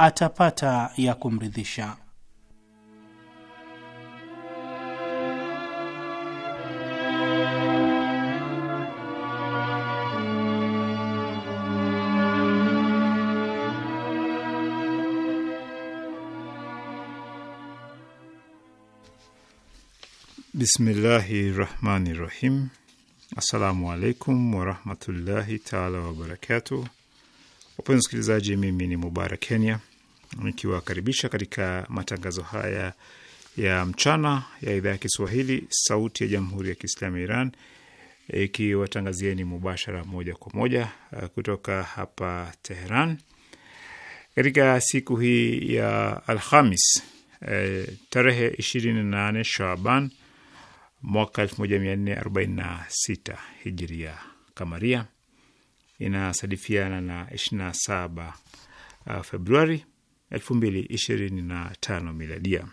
atapata ya kumridhisha. Bismillahi rahmani rahim. Assalamu alaikum warahmatullahi taala wabarakatuh. Wapenzi msikilizaji, mimi ni Mubarak Kenya nikiwakaribisha katika matangazo haya ya mchana ya idhaa ya Kiswahili sauti ya jamhuri ya Kiislamu ya Iran ikiwatangazieni mubashara moja kwa moja uh, kutoka hapa Teheran katika siku hii ya Alhamis uh, tarehe 28 Shaban mwaka 1446 Hijria Kamaria inasadifiana na 27 uh, Februari 2025 miladia.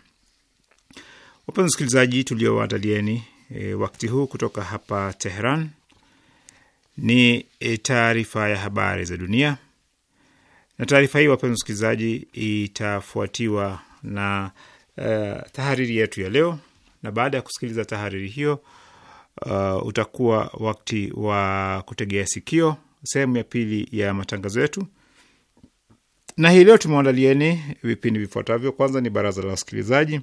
Wapenzi wasikilizaji, tuliowaandalieni e, wakati huu kutoka hapa Tehran ni e, taarifa ya habari za dunia, na taarifa hii wapenzi wasikilizaji, itafuatiwa na e, tahariri yetu ya leo, na baada ya kusikiliza tahariri hiyo Uh, utakuwa wakati wa kutegea sikio sehemu ya pili ya matangazo yetu na hii leo tumeandalieni vipindi vifuatavyo. Kwanza ni baraza la wasikilizaji,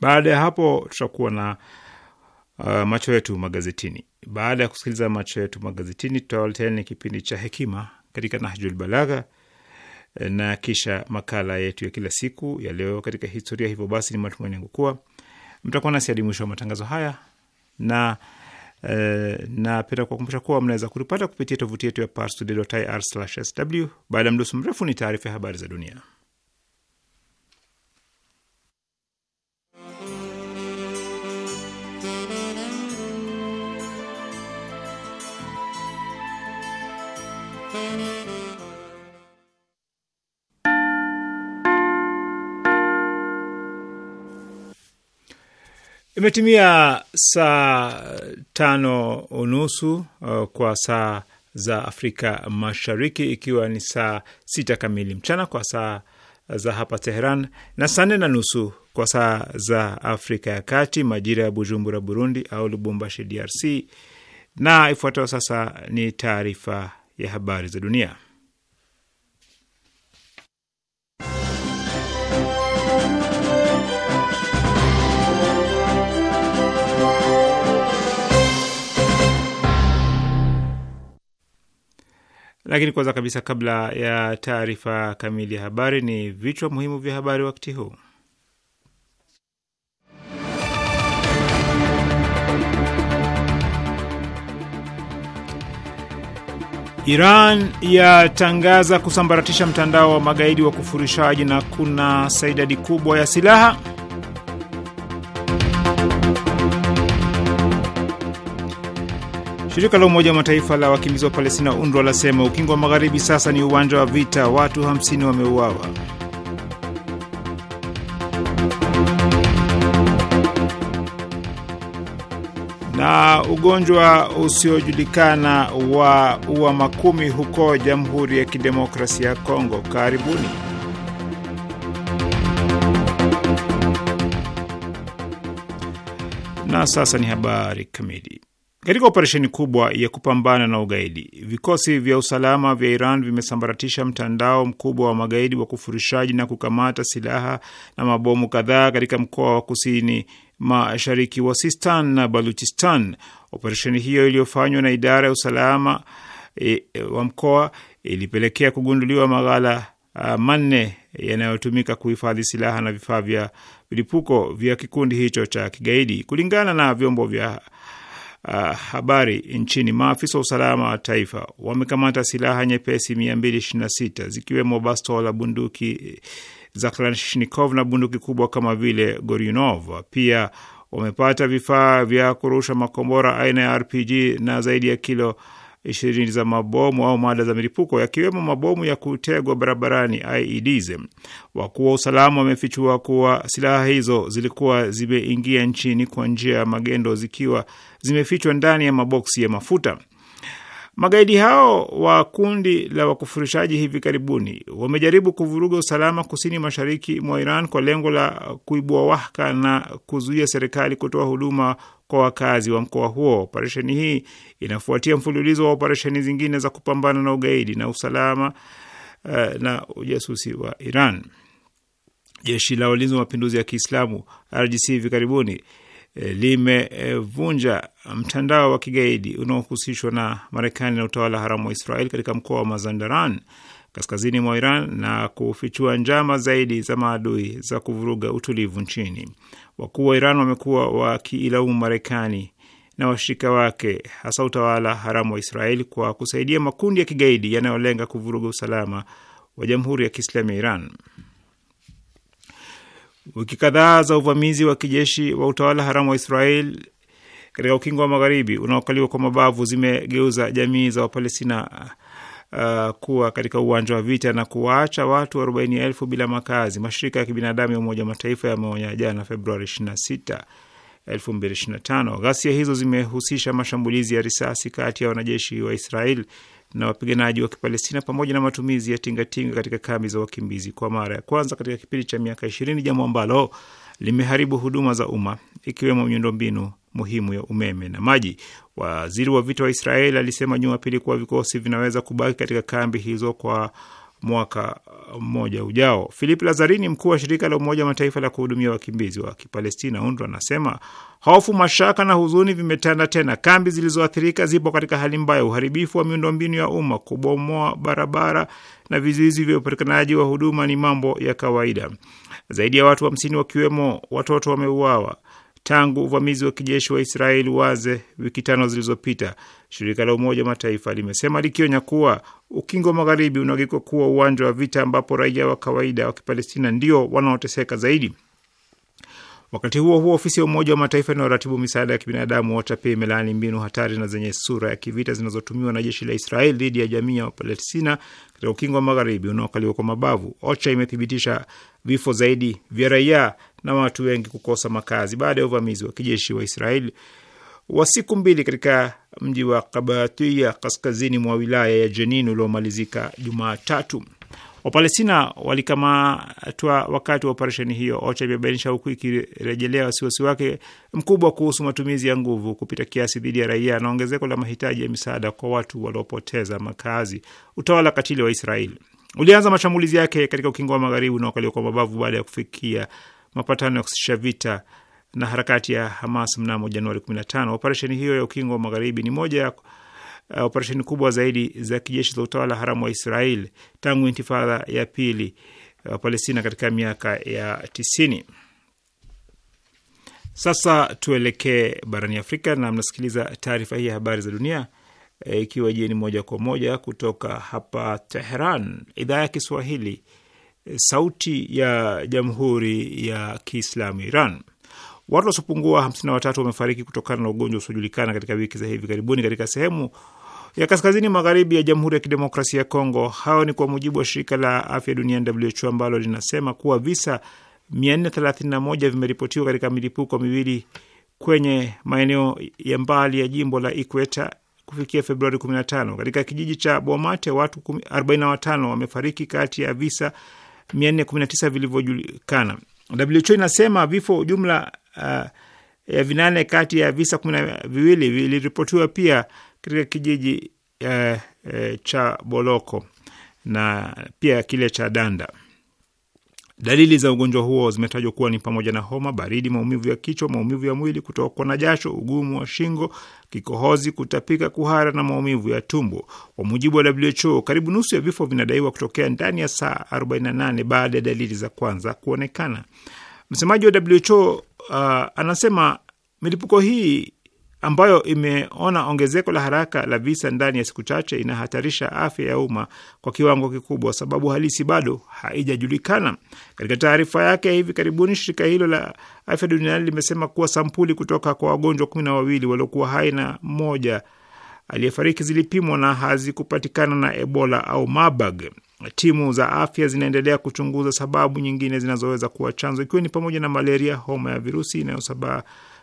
baada ya hapo tutakuwa na uh, macho yetu magazetini. Baada ya kusikiliza macho yetu magazetini, tutawaleteeni kipindi cha hekima katika Nahjul Balagha na kisha makala yetu ya kila siku ya leo katika historia. Hivyo basi, ni matumaini yangu kuwa mtakuwa nasi hadi mwisho wa matangazo haya na Eh, napenda kuwakumbusha kuwa mnaweza kutupata kupitia tovuti yetu ya parstoday.ir/sw. Baada ya mdoso mrefu, ni taarifa ya habari za dunia. Imetimia saa tano unusu uh, kwa saa za Afrika Mashariki, ikiwa ni saa sita kamili mchana kwa saa za hapa Teheran na saa nne na nusu kwa saa za Afrika ya Kati, majira ya Bujumbura Burundi au Lubumbashi DRC. Na ifuatayo sasa ni taarifa ya habari za dunia. Lakini kwanza kabisa, kabla ya taarifa kamili ya habari, ni vichwa muhimu vya habari wakati huu. Iran yatangaza kusambaratisha mtandao wa magaidi wa kufurishaji na kuna saidadi kubwa ya silaha. Shirika la Umoja wa Mataifa la wakimbizi wa Palestina UNRWA lasema ukingo wa magharibi sasa ni uwanja wa vita, watu 50 wameuawa. na ugonjwa usiojulikana wa ua makumi huko Jamhuri ya Kidemokrasia ya Kongo. Karibuni. Na sasa ni habari kamili. Katika operesheni kubwa ya kupambana na ugaidi, vikosi vya usalama vya Iran vimesambaratisha mtandao mkubwa wa magaidi wa kufurishaji na kukamata silaha na mabomu kadhaa katika mkoa wa kusini mashariki wa Sistan na Baluchistan. Operesheni hiyo iliyofanywa na idara ya usalama e, e, wa mkoa ilipelekea kugunduliwa maghala manne yanayotumika kuhifadhi silaha na vifaa vya vilipuko vya kikundi hicho cha kigaidi, kulingana na vyombo vya uh, habari nchini, maafisa wa usalama wa taifa wamekamata silaha nyepesi 226 zikiwemo bastola, bunduki za Kalashnikov na bunduki kubwa kama vile Goryunov. Pia wamepata vifaa vya kurusha makombora aina ya RPG na zaidi ya kilo ishirini za mabomu au mada za milipuko yakiwemo mabomu ya kutegwa barabarani IEDs. Wakuu wa usalama wamefichua kuwa silaha hizo zilikuwa zimeingia nchini kwa njia ya magendo zikiwa zimefichwa ndani ya maboksi ya mafuta. Magaidi hao wa kundi la wakufurishaji hivi karibuni wamejaribu kuvuruga usalama kusini mashariki mwa Iran kwa lengo la kuibua wahaka na kuzuia serikali kutoa huduma kwa wakazi wa mkoa huo. Operesheni hii inafuatia mfululizo wa operesheni zingine za kupambana na ugaidi na usalama eh, na ujasusi wa Iran. Jeshi la walinzi wa mapinduzi ya Kiislamu RGC hivi karibuni eh, limevunja mtandao wa kigaidi unaohusishwa na Marekani na utawala haramu wa Israel katika mkoa wa Mazandaran kaskazini mwa Iran na kufichua njama zaidi za maadui za kuvuruga utulivu nchini. Wakuu wa Iran wamekuwa wakiilaumu Marekani na washirika wake, hasa utawala haramu wa Israeli, kwa kusaidia makundi ya kigaidi yanayolenga kuvuruga usalama wa Jamhuri ya Kiislamu ya Iran. Wiki kadhaa za uvamizi wa kijeshi wa utawala haramu wa Israeli katika ukingo wa magharibi unaokaliwa kwa mabavu zimegeuza jamii za Wapalestina uh, kuwa katika uwanja wa vita na kuwaacha watu 40,000 bila makazi. Mashirika ya kibinadamu ya Umoja Mataifa yameonya jana Februari 26 2025. Ghasia hizo zimehusisha mashambulizi ya risasi kati ya wanajeshi wa Israel na wapiganaji wa Kipalestina pamoja na matumizi ya tingatinga katika kambi za wakimbizi kwa mara ya kwanza katika kipindi cha miaka ishirini, jambo ambalo limeharibu huduma za umma ikiwemo miundombinu muhimu ya umeme na maji. Waziri wa vita wa Israel alisema Jumapili kuwa vikosi vinaweza kubaki katika kambi hizo kwa mwaka mmoja ujao. Philip Lazarini, mkuu wa shirika la Umoja wa Mataifa la kuhudumia wakimbizi wa Kipalestina UNRWA, anasema hofu, mashaka na huzuni vimetanda tena. Kambi zilizoathirika zipo katika hali mbaya. Uharibifu wa miundombinu ya umma, kubomoa barabara na vizuizi vya upatikanaji wa huduma ni mambo ya kawaida. Zaidi ya watu hamsini wa wakiwemo watoto wameuawa tangu uvamizi wa kijeshi wa Israeli waze wiki tano zilizopita. Shirika la Umoja wa Mataifa limesema likionya kuwa ukingo wa magharibi unageuka kuwa uwanja wa vita ambapo raia wa kawaida wa Kipalestina ndio wanaoteseka zaidi. Wakati huo huo, ofisi ya Umoja wa Mataifa inayoratibu misaada ya kibinadamu OCHA pia imelaani mbinu hatari na zenye sura ya kivita zinazotumiwa na jeshi la Israel dhidi ya jamii ya Wapalestina katika ukingo wa magharibi unaokaliwa kwa mabavu. OCHA imethibitisha vifo zaidi vya raia na watu wengi kukosa makazi baada ya uvamizi wa kijeshi wa Israeli wa siku mbili katika mji wa Kabatia kaskazini mwa wilaya ya Jenin uliomalizika Jumatatu. Wapalestina walikamatwa wakati wa operesheni hiyo. OCHA imebainisha huku ikirejelea wasiwasi wake mkubwa kuhusu matumizi ya nguvu kupita kiasi dhidi ya raia na ongezeko la mahitaji ya misaada kwa watu waliopoteza makazi. Utawala katili wa Israeli ulianza mashambulizi yake katika ukingo wa magharibi unaokaliwa kwa mabavu baada ya kufikia mapatano ya kusitisha vita na harakati ya Hamas mnamo Januari 15. Operesheni hiyo ya ukingo wa magharibi ni moja ya uh, operesheni kubwa zaidi za kijeshi za utawala haramu wa Israel tangu intifadha ya pili eh, wa Palestina katika miaka ya tisini. Sasa tuelekee barani Afrika na mnasikiliza taarifa hii ya habari za dunia eh, ikiwa e, jieni moja kwa moja kutoka hapa Teheran, idhaa ya Kiswahili, sauti ya jamhuri ya kiislamu Iran. Watu wasiopungua 53 wamefariki kutokana na ugonjwa usiojulikana katika wiki za hivi karibuni katika sehemu ya kaskazini magharibi ya Jamhuri ya Kidemokrasia ya Kongo. Hayo ni kwa mujibu wa shirika la afya duniani WHO ambalo linasema kuwa visa 431 vimeripotiwa katika milipuko miwili kwenye maeneo ya mbali ya jimbo la Ikweta kufikia Februari 15. Katika kijiji cha Bomate watu 45 wamefariki kati ya visa 419 vilivyojulikana. WHO inasema vifo jumla uh, ya vinane kati ya visa kumi na viwili viliripotiwa pia katika kijiji e, e, cha Boloko na pia kile cha Danda. Dalili za ugonjwa huo zimetajwa kuwa ni pamoja na homa, baridi, maumivu ya kichwa, maumivu ya mwili, kutokwa na jasho, ugumu wa shingo, kikohozi, kutapika, kuhara na maumivu ya tumbo. Kwa mujibu wa WHO, karibu nusu ya vifo vinadaiwa kutokea ndani ya saa 48 baada ya dalili za kwanza kuonekana. Msemaji wa WHO uh, anasema milipuko hii ambayo imeona ongezeko la haraka la visa ndani ya siku chache inahatarisha afya ya umma kwa kiwango kikubwa. Sababu halisi bado haijajulikana. Katika taarifa yake ya hivi karibuni, shirika hilo la afya duniani limesema kuwa sampuli kutoka kwa wagonjwa kumi na wawili waliokuwa hai na mmoja aliyefariki zilipimwa na hazikupatikana na Ebola au Marburg. Timu za afya zinaendelea kuchunguza sababu nyingine zinazoweza kuwa chanzo, ikiwa ni pamoja na malaria, homa ya virusi inayosababisha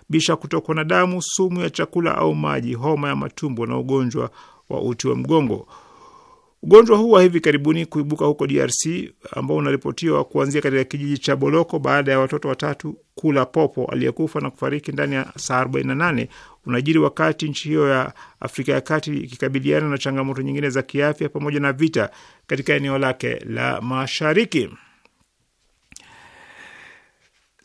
bisha kutokwa na damu, sumu ya chakula au maji, homa ya matumbo na ugonjwa wa uti wa mgongo. Ugonjwa huu wa hivi karibuni kuibuka huko DRC ambao unaripotiwa kuanzia katika kijiji cha Boloko baada ya watoto watatu kula popo aliyekufa na kufariki ndani ya saa 48 unajiri wakati nchi hiyo ya Afrika ya Kati ikikabiliana na changamoto nyingine za kiafya pamoja na vita katika eneo lake la mashariki.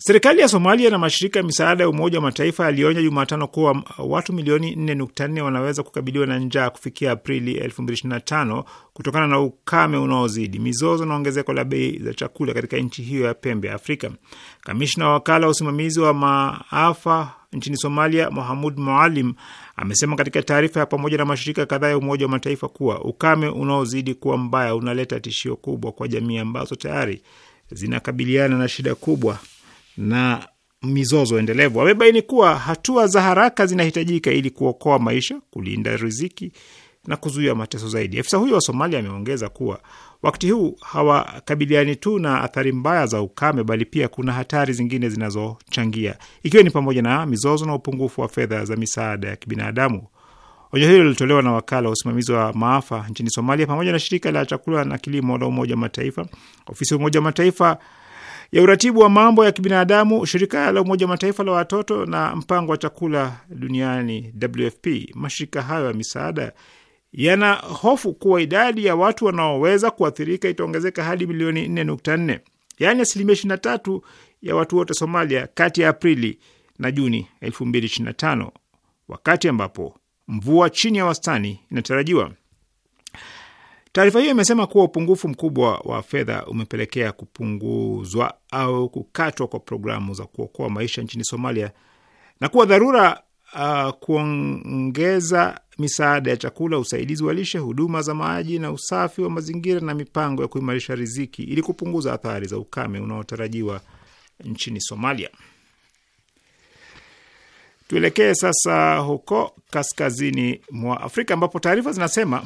Serikali ya Somalia na mashirika ya misaada ya Umoja wa Mataifa yalionya Jumatano kuwa uh, watu milioni 4.4 wanaweza kukabiliwa na njaa kufikia Aprili 2025 kutokana na ukame unaozidi, mizozo na ongezeko la bei za chakula katika nchi hiyo ya pembe ya Afrika. Kamishna wa wakala wa usimamizi wa maafa nchini Somalia, Mohamud Mualim, amesema katika taarifa ya pamoja na mashirika kadhaa ya Umoja wa Mataifa kuwa ukame unaozidi kuwa mbaya unaleta tishio kubwa kwa jamii ambazo tayari zinakabiliana na shida kubwa na mizozo endelevu. Wamebaini kuwa hatua za haraka zinahitajika ili kuokoa maisha, kulinda riziki na kuzuia mateso zaidi. Afisa huyo wa Somalia ameongeza kuwa wakati huu hawakabiliani tu na athari mbaya za ukame, bali pia kuna hatari zingine zinazochangia, ikiwa ni pamoja na mizozo na upungufu wa fedha za misaada ya kibinadamu. Onyo hilo lilitolewa na wakala wa usimamizi wa maafa nchini Somalia pamoja na shirika la chakula na kilimo la Umoja wa Mataifa, ofisi ya Umoja wa Mataifa ya uratibu wa mambo ya kibinadamu, shirika la Umoja wa Mataifa la watoto na mpango wa chakula duniani WFP. Mashirika hayo ya misaada yana hofu kuwa idadi ya watu wanaoweza kuathirika itaongezeka hadi milioni 4.4, yaani asilimia 23 ya watu wote Somalia kati ya Aprili na Juni 2025 wakati ambapo mvua chini ya wastani inatarajiwa. Taarifa hiyo imesema kuwa upungufu mkubwa wa fedha umepelekea kupunguzwa au kukatwa kwa programu za kuokoa maisha nchini Somalia na kuwa dharura uh, kuongeza misaada ya chakula, usaidizi wa lishe, huduma za maji na usafi wa mazingira na mipango ya kuimarisha riziki ili kupunguza athari za ukame unaotarajiwa nchini Somalia. Tuelekee sasa huko kaskazini mwa Afrika ambapo taarifa zinasema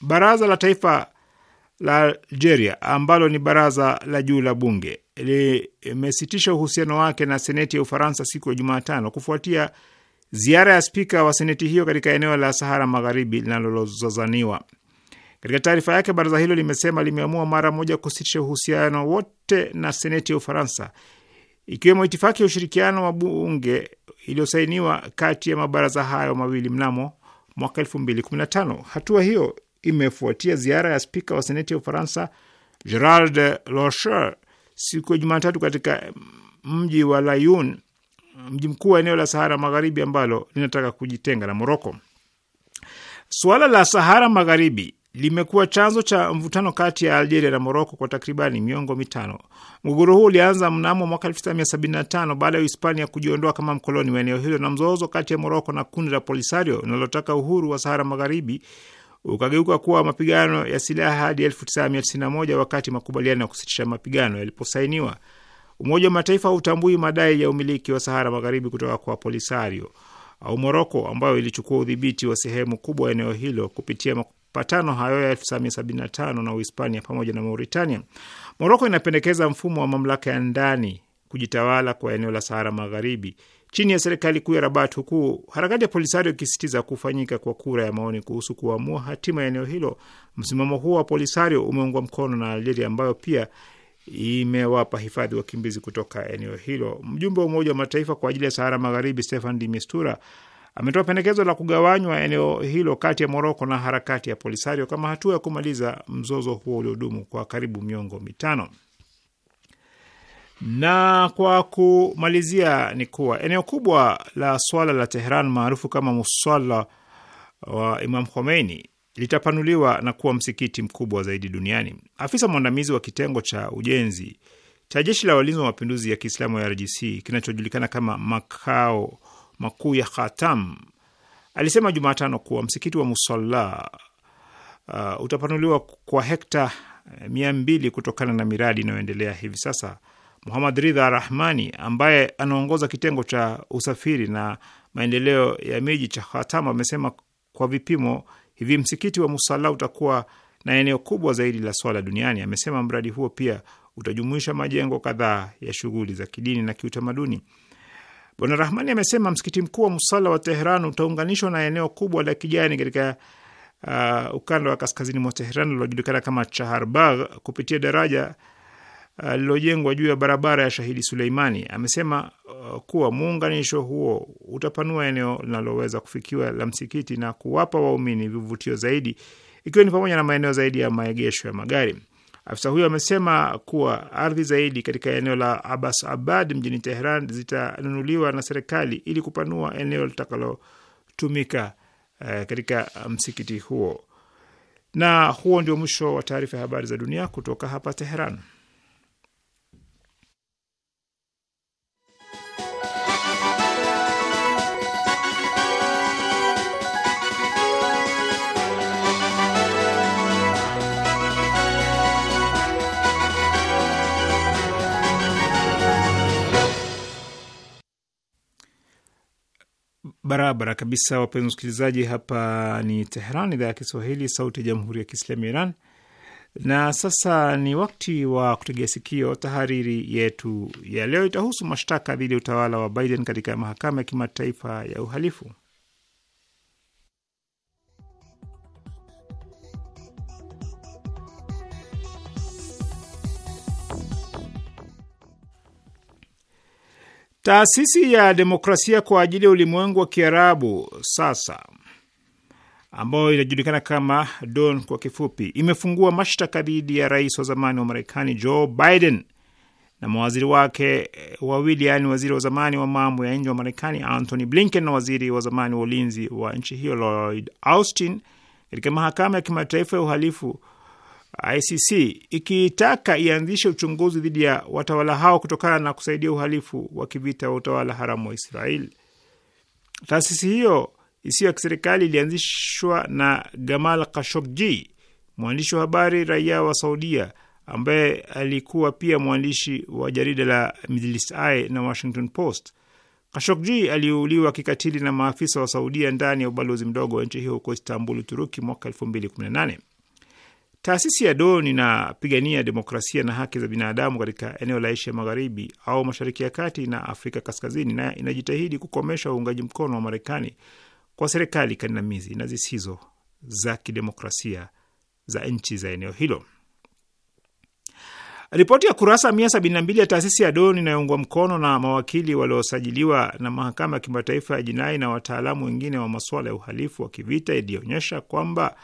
Baraza la Taifa la Algeria ambalo ni baraza la juu la bunge limesitisha uhusiano wake na seneti ya Ufaransa siku ya Jumatano kufuatia ziara ya spika wa seneti hiyo katika eneo la Sahara Magharibi linalozozaniwa. Katika taarifa yake, baraza hilo limesema limeamua mara moja kusitisha uhusiano wote na seneti ya Ufaransa, ikiwemo itifaki ya ushirikiano wa bunge iliyosainiwa kati ya mabaraza hayo mawili mnamo mwaka 2015. Hatua hiyo imefuatia ziara ya spika wa seneti ya Ufaransa Gerard Locher siku ya Jumatatu katika mji wa Layun, mji mkuu wa eneo la Sahara Magharibi ambalo linataka kujitenga na Moroko. Suala la Sahara Magharibi limekuwa chanzo cha mvutano kati ya Algeria na Moroko kwa takribani miongo mitano. Mgogoro huu ulianza mnamo mwaka 1975 baada ya Hispania kujiondoa kama mkoloni wa eneo hilo, na mzozo kati ya Moroko na kundi la Polisario linalotaka uhuru wa Sahara Magharibi ukageuka kuwa mapigano ya silaha hadi 1991 wakati makubaliano ya kusitisha mapigano yaliposainiwa. Umoja wa Mataifa hautambui madai ya umiliki wa Sahara Magharibi kutoka kwa Polisario au Moroko, ambayo ilichukua udhibiti wa sehemu kubwa ya eneo hilo kupitia mapatano hayo ya 1975 na Uhispania pamoja na Mauritania. Moroko inapendekeza mfumo wa mamlaka ya ndani kujitawala kwa eneo la Sahara Magharibi chini ya serikali kuu ya Rabat, huku harakati ya Polisario ikisisitiza kufanyika kwa kura ya maoni kuhusu kuamua hatima ya eneo hilo. Msimamo huo wa Polisario umeungwa mkono na Algeria ambayo pia imewapa hifadhi wakimbizi kutoka eneo hilo. Mjumbe wa Umoja wa Mataifa kwa ajili ya Sahara Magharibi Stefan de Mistura ametoa pendekezo la kugawanywa eneo hilo kati ya Moroko na harakati ya Polisario kama hatua ya kumaliza mzozo huo uliodumu kwa karibu miongo mitano. Na kwa kumalizia ni kuwa eneo kubwa la swala la Tehran maarufu kama muswala wa Imam Khomeini litapanuliwa na kuwa msikiti mkubwa zaidi duniani. Afisa mwandamizi wa kitengo cha ujenzi cha jeshi la walinzi wa mapinduzi ya Kiislamu ya RGC kinachojulikana kama makao makuu ya Khatam alisema Jumatano kuwa msikiti wa Musalla uh, utapanuliwa kwa hekta eh, mia mbili kutokana na miradi inayoendelea hivi sasa. Muhamad Ridha Rahmani ambaye anaongoza kitengo cha usafiri na maendeleo ya miji cha Khatam amesema kwa vipimo hivi msikiti wa Musala utakuwa na eneo kubwa zaidi la swala duniani. Amesema mradi huo pia utajumuisha majengo kadhaa ya shughuli za kidini na kiutamaduni. Bwana Rahmani amesema msikiti mkuu wa Musala wa Teheran utaunganishwa na eneo kubwa la kijani katika uh, ukanda wa kaskazini mwa Teheran lilojulikana kama Chaharbagh kupitia daraja lililojengwa juu ya barabara ya Shahidi Suleimani. Amesema uh, kuwa muunganisho huo utapanua eneo linaloweza kufikiwa la msikiti na kuwapa waumini vivutio zaidi, ikiwa ni pamoja na maeneo zaidi ya maegesho ya magari. Afisa huyo amesema kuwa ardhi zaidi katika eneo la Abbas Abad mjini Tehran zitanunuliwa na serikali ili kupanua eneo litakalotumika uh, katika uh, msikiti huo. Na huo ndio mwisho wa taarifa ya habari za dunia kutoka hapa Teheran. barabara kabisa, wapenzi wasikilizaji, hapa ni Teheran, idhaa ya Kiswahili, sauti ya jamhuri ya kiislamu ya Iran. Na sasa ni wakati wa kutegea sikio. Tahariri yetu ya leo itahusu mashtaka dhidi ya utawala wa Biden katika mahakama ya kimataifa ya uhalifu. Taasisi ya demokrasia kwa ajili ya ulimwengu wa Kiarabu sasa ambayo inajulikana kama Don kwa kifupi, imefungua mashtaka dhidi ya rais wa zamani wa Marekani Joe Biden na mawaziri wake eh, wawili, yaani waziri wa zamani wa mambo ya nje wa Marekani Antony Blinken na waziri wa zamani wa ulinzi wa nchi hiyo Lloyd Austin katika mahakama ya kimataifa ya uhalifu ICC ikiitaka ianzishe uchunguzi dhidi ya watawala hao kutokana na kusaidia uhalifu wa kivita wa utawala haramu wa israel Taasisi hiyo isiyo ya kiserikali ilianzishwa na Gamal Khashoggi, mwandishi wa habari raia wa Saudia ambaye alikuwa pia mwandishi wa jarida la Middle East Eye na Washington Post. Khashoggi aliuliwa kikatili na maafisa wa Saudia ndani ya ubalozi mdogo wa nchi hiyo huko Istanbul, Uturuki, mwaka 2018. Taasisi ya don inapigania demokrasia na haki za binadamu katika eneo la Asia Magharibi au Mashariki ya Kati na Afrika Kaskazini, na inajitahidi kukomesha uungaji mkono wa Marekani kwa serikali kandamizi na zisizo za kidemokrasia za nchi za eneo hilo. Ripoti ya kurasa 172 ya taasisi ya don inayoungwa mkono na mawakili waliosajiliwa na mahakama ya kimataifa ya jinai na wataalamu wengine wa masuala ya uhalifu wa kivita ilionyesha kwamba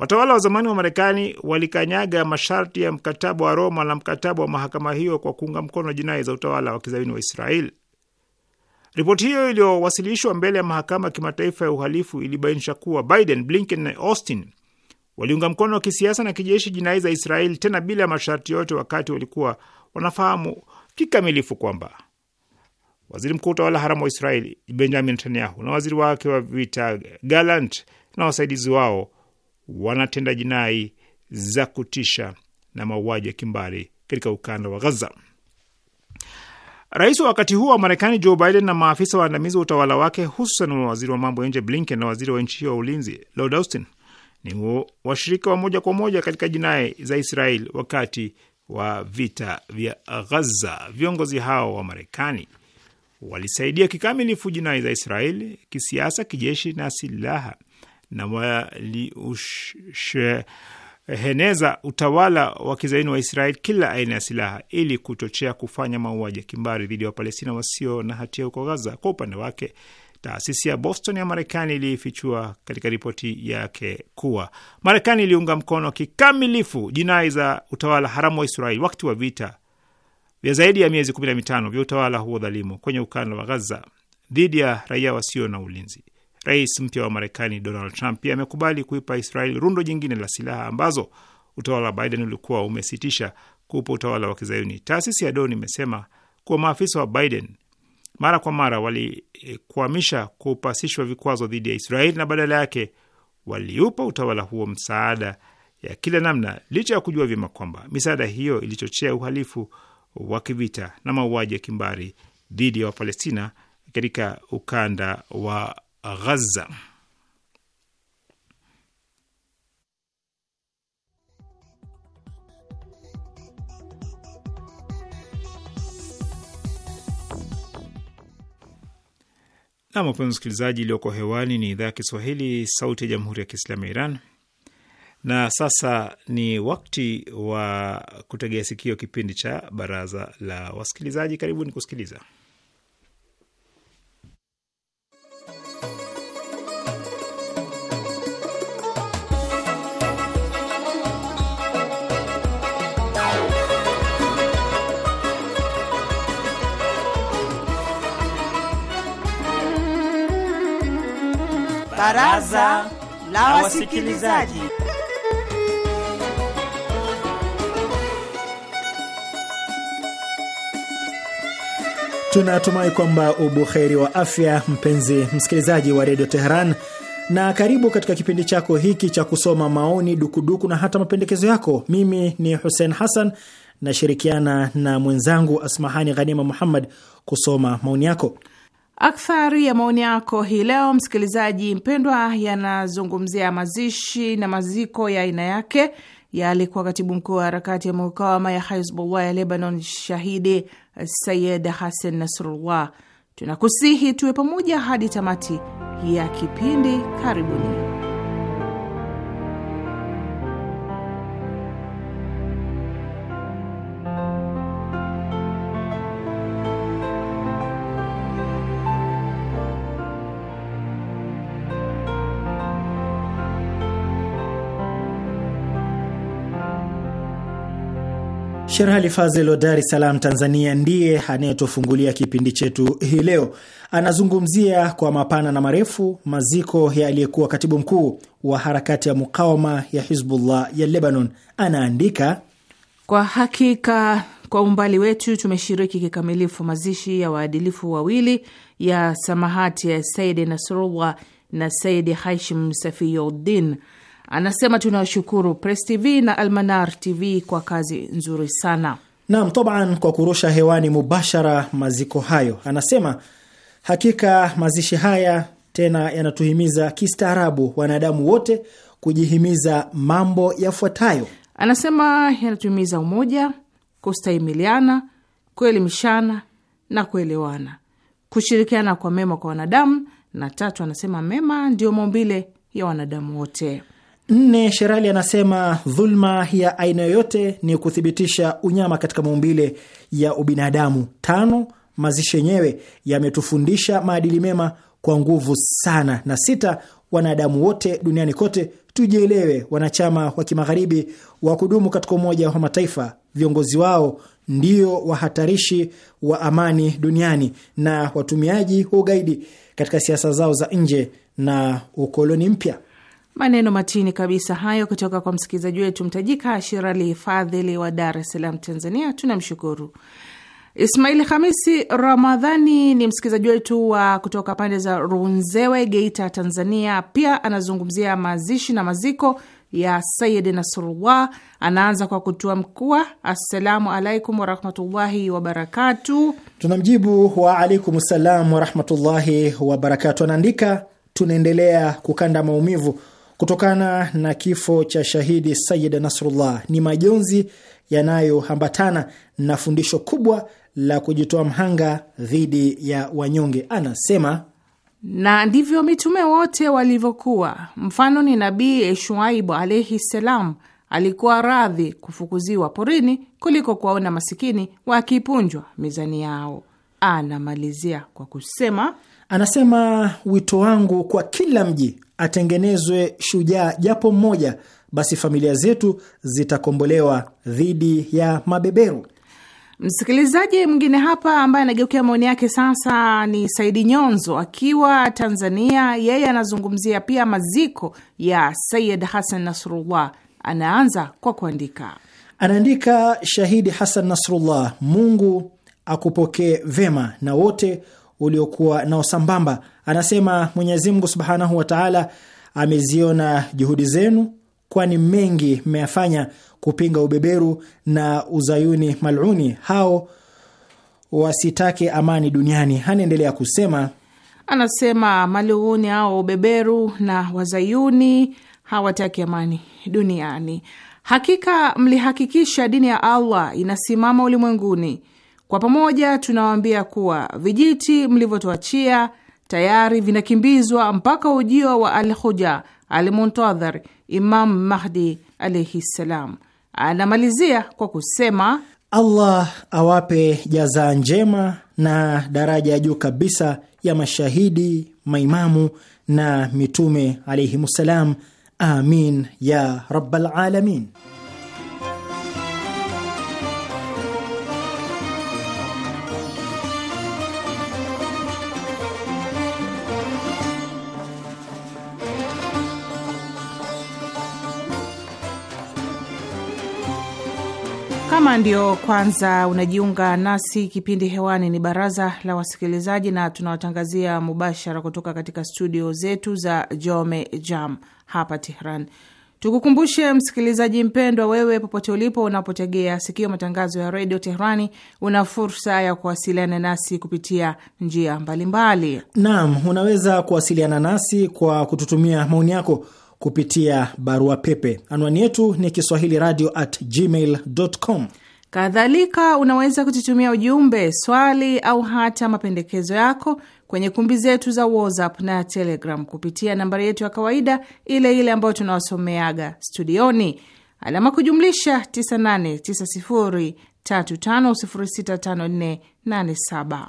Watawala wa zamani wa Marekani walikanyaga masharti ya mkataba wa Roma na mkataba wa mahakama hiyo kwa kuunga mkono jinai za utawala wa kizayuni wa israel Ripoti hiyo iliyowasilishwa mbele ya mahakama ya kimataifa ya uhalifu ilibainisha kuwa Biden, Blinken na Austin waliunga mkono wa kisiasa na kijeshi jinai za israel tena bila ya masharti yote, wakati walikuwa wanafahamu kikamilifu kwamba waziri mkuu utawala haramu wa Israeli Benjamin Netanyahu na waziri wake wa vita Galant na wasaidizi wao wanatenda jinai za kutisha na mauaji ya kimbari katika ukanda wa Gaza. Rais wa wakati huo wa Marekani Joe Biden na maafisa waandamizi wa utawala wake, hususan wa waziri wa mambo ya nje Blinken na waziri wa nchi hiyo wa ulinzi Lord Austin ni washirika wa moja kwa moja katika jinai za Israel wakati wa vita vya ghaza Viongozi hao wa Marekani walisaidia kikamilifu jinai za Israel kisiasa, kijeshi na silaha na waliusheheneza utawala wa kizaini wa Israel kila aina ya silaha ili kuchochea kufanya mauaji ya kimbari dhidi ya Wapalestina wasio na hatia huko Gaza. Kwa upande wake Taasisi ya Boston ya Marekani ilifichua katika ripoti yake kuwa Marekani iliunga mkono kikamilifu jinai za utawala haramu wa Israeli wakati wa vita vya zaidi ya miezi 15 vya utawala huo dhalimu kwenye ukanda wa Gaza dhidi ya raia wasio na ulinzi rais mpya wa Marekani Donald Trump pia amekubali kuipa Israel rundo jingine la silaha ambazo utawala wa Biden ulikuwa umesitisha kuupa utawala wa Kizayuni. Taasisi ya Don imesema kuwa maafisa wa Biden mara kwa mara walikwamisha kupasishwa vikwazo dhidi ya Israel na badala yake waliupa utawala huo msaada ya kila namna, licha ya kujua vyema kwamba misaada hiyo ilichochea uhalifu wa kivita na mauaji ya kimbari dhidi ya Wapalestina katika ukanda wa Ghaza. Nam, wapenzi msikilizaji, iliyoko hewani ni idhaa ya Kiswahili, sauti ya jamhuri ya kiislamu ya Iran. Na sasa ni wakati wa kutegea sikio kipindi cha baraza la wasikilizaji. Karibuni kusikiliza. Baraza la Wasikilizaji. Tunatumai kwamba ubuheri wa afya, mpenzi msikilizaji wa redio Teheran, na karibu katika kipindi chako hiki cha kusoma maoni, dukuduku na hata mapendekezo yako. Mimi ni Hussein Hassan, nashirikiana na mwenzangu Asmahani Ghanima Muhammad kusoma maoni yako. Akthari ya maoni yako hii leo, msikilizaji mpendwa, yanazungumzia mazishi na maziko ya aina yake ya alikuwa katibu mkuu wa harakati ya mukawama ya Hizbullah ya Lebanon, shahidi Sayed Hassan Nasrullah. Tunakusihi tuwe pamoja hadi tamati ya kipindi. Karibuni. Sherhali Fazel wa Dar es Salaam, Tanzania, ndiye anayetufungulia kipindi chetu hii leo. Anazungumzia kwa mapana na marefu maziko ya aliyekuwa katibu mkuu wa harakati ya mukawama ya Hizbullah ya Lebanon. Anaandika, kwa hakika kwa umbali wetu tumeshiriki kikamilifu mazishi ya waadilifu wawili ya samahati ya Saidi Nasrullah na Saidi Hashim Safiyuddin. Anasema tunawashukuru Press TV na Almanar TV kwa kazi nzuri sana. Naam, taban kwa kurusha hewani mubashara maziko hayo. Anasema hakika mazishi haya tena yanatuhimiza kistaarabu wanadamu wote kujihimiza mambo yafuatayo. Anasema yanatuhimiza umoja, kustahimiliana, kuelimishana na kuelewana, kushirikiana kwa mema kwa wanadamu, na tatu, anasema mema ndiyo maumbile ya wanadamu wote. Nne, Sherali anasema dhulma ya aina yoyote ni kuthibitisha unyama katika maumbile ya ubinadamu. Tano, mazishi yenyewe yametufundisha maadili mema kwa nguvu sana. Na sita, wanadamu wote duniani kote tujielewe. Wanachama wa kimagharibi wa kudumu katika Umoja wa Mataifa, viongozi wao ndio wahatarishi wa amani duniani na watumiaji wa ugaidi katika siasa zao za nje na ukoloni mpya. Maneno matini kabisa hayo kutoka kwa msikilizaji wetu mtajika Shirali Fadhili wa Dar es Salaam, Tanzania. Tunamshukuru. Ismaili Hamisi Ramadhani ni msikilizaji wetu wa kutoka pande za Runzewe, Geita, Tanzania. Pia anazungumzia mazishi na maziko ya Sayid Nasrullah. Anaanza kwa kutua mkua, assalamu alaikum warahmatullahi wabarakatu. Tunamjibu waalaikum salam warahmatullahi wabarakatu. Anaandika, tunaendelea kukanda maumivu kutokana na kifo cha shahidi sayid Nasrullah ni majonzi yanayoambatana na fundisho kubwa la kujitoa mhanga dhidi ya wanyonge. Anasema, na ndivyo mitume wote walivyokuwa. Mfano ni Nabii Shuaibu alaihi ssalam, alikuwa radhi kufukuziwa porini kuliko kuwaona masikini wakipunjwa mizani yao. Anamalizia kwa kusema, anasema, wito wangu kwa kila mji atengenezwe shujaa japo mmoja, basi familia zetu zitakombolewa dhidi ya mabeberu. Msikilizaji mwingine hapa ambaye anageukia maoni yake sasa ni Saidi Nyonzo akiwa Tanzania. Yeye anazungumzia pia maziko ya Sayid Hasan Nasrullah. Anaanza kwa kuandika, anaandika: Shahidi Hasan Nasrullah, Mungu akupokee vema na wote uliokuwa nao sambamba. Anasema Mwenyezi Mungu subhanahu wa taala ameziona juhudi zenu, kwani mengi mmeyafanya kupinga ubeberu na uzayuni maluni, hao wasitake amani duniani. Anaendelea kusema, anasema maluni hao ubeberu na wazayuni hawataki amani duniani. Hakika mlihakikisha dini ya Allah inasimama ulimwenguni kwa pamoja tunawaambia kuwa vijiti mlivyotuachia tayari vinakimbizwa mpaka ujio wa al huja al muntadhar Imam Mahdi alaihi ssalam. Anamalizia kwa kusema Allah awape jazaa njema na daraja ya juu kabisa ya mashahidi, maimamu na mitume ssalam. Amin ya rabbal alamin. Kama ndio kwanza unajiunga nasi, kipindi hewani ni baraza la wasikilizaji, na tunawatangazia mubashara kutoka katika studio zetu za Jome Jam hapa Tehran. Tukukumbushe msikilizaji mpendwa, wewe popote ulipo, unapotegea sikio matangazo ya redio Teherani, una fursa ya kuwasiliana nasi kupitia njia mbalimbali. Naam, unaweza kuwasiliana nasi kwa kututumia maoni yako kupitia barua pepe. Anwani yetu ni kiswahili radio at gmail com. Kadhalika unaweza kututumia ujumbe, swali au hata mapendekezo yako kwenye kumbi zetu za WhatsApp na Telegram kupitia nambari yetu ya kawaida ile ile ambayo tunawasomeaga studioni, alama kujumlisha 989035065487.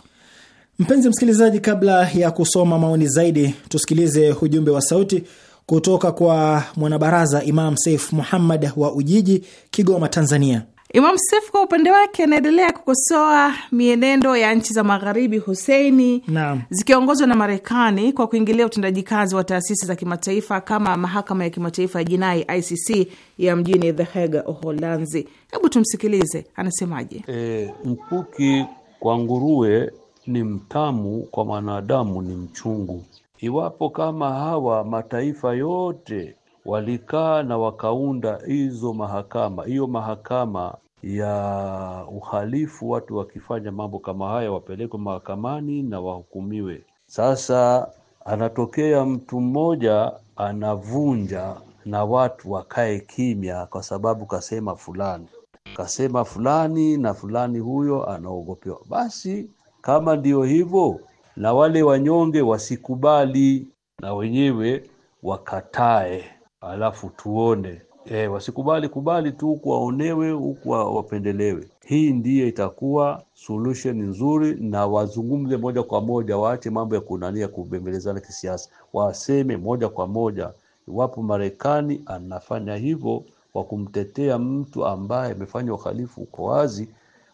Mpenzi msikilizaji, kabla ya kusoma maoni zaidi, tusikilize ujumbe wa sauti kutoka kwa mwanabaraza Imam Saif Muhammad wa Ujiji, Kigoma, Tanzania. Imam Seif kwa upande wake anaendelea kukosoa mienendo ya nchi za magharibi Huseini zikiongozwa na Marekani kwa kuingilia utendaji kazi wa taasisi za kimataifa kama mahakama ya kimataifa ya jinai ICC ya mjini The Hague, Uholanzi. Hebu tumsikilize anasemaje. E, mkuki kwa nguruwe ni mtamu, kwa mwanadamu ni mchungu. Iwapo kama hawa mataifa yote walikaa na wakaunda hizo mahakama, hiyo mahakama ya uhalifu, watu wakifanya mambo kama haya wapelekwe mahakamani na wahukumiwe. Sasa anatokea mtu mmoja anavunja na watu wakae kimya, kwa sababu kasema fulani kasema fulani na fulani, huyo anaogopewa. Basi kama ndiyo hivyo, na wale wanyonge wasikubali na wenyewe wakatae, alafu tuone e, wasikubali kubali tu huku waonewe huku wapendelewe. Hii ndiye itakuwa solution nzuri, na wazungumze moja kwa moja, waache mambo ya kunania kubembelezana kisiasa, waseme moja kwa moja iwapo Marekani anafanya hivyo kwa kumtetea mtu ambaye amefanya uhalifu uko wazi,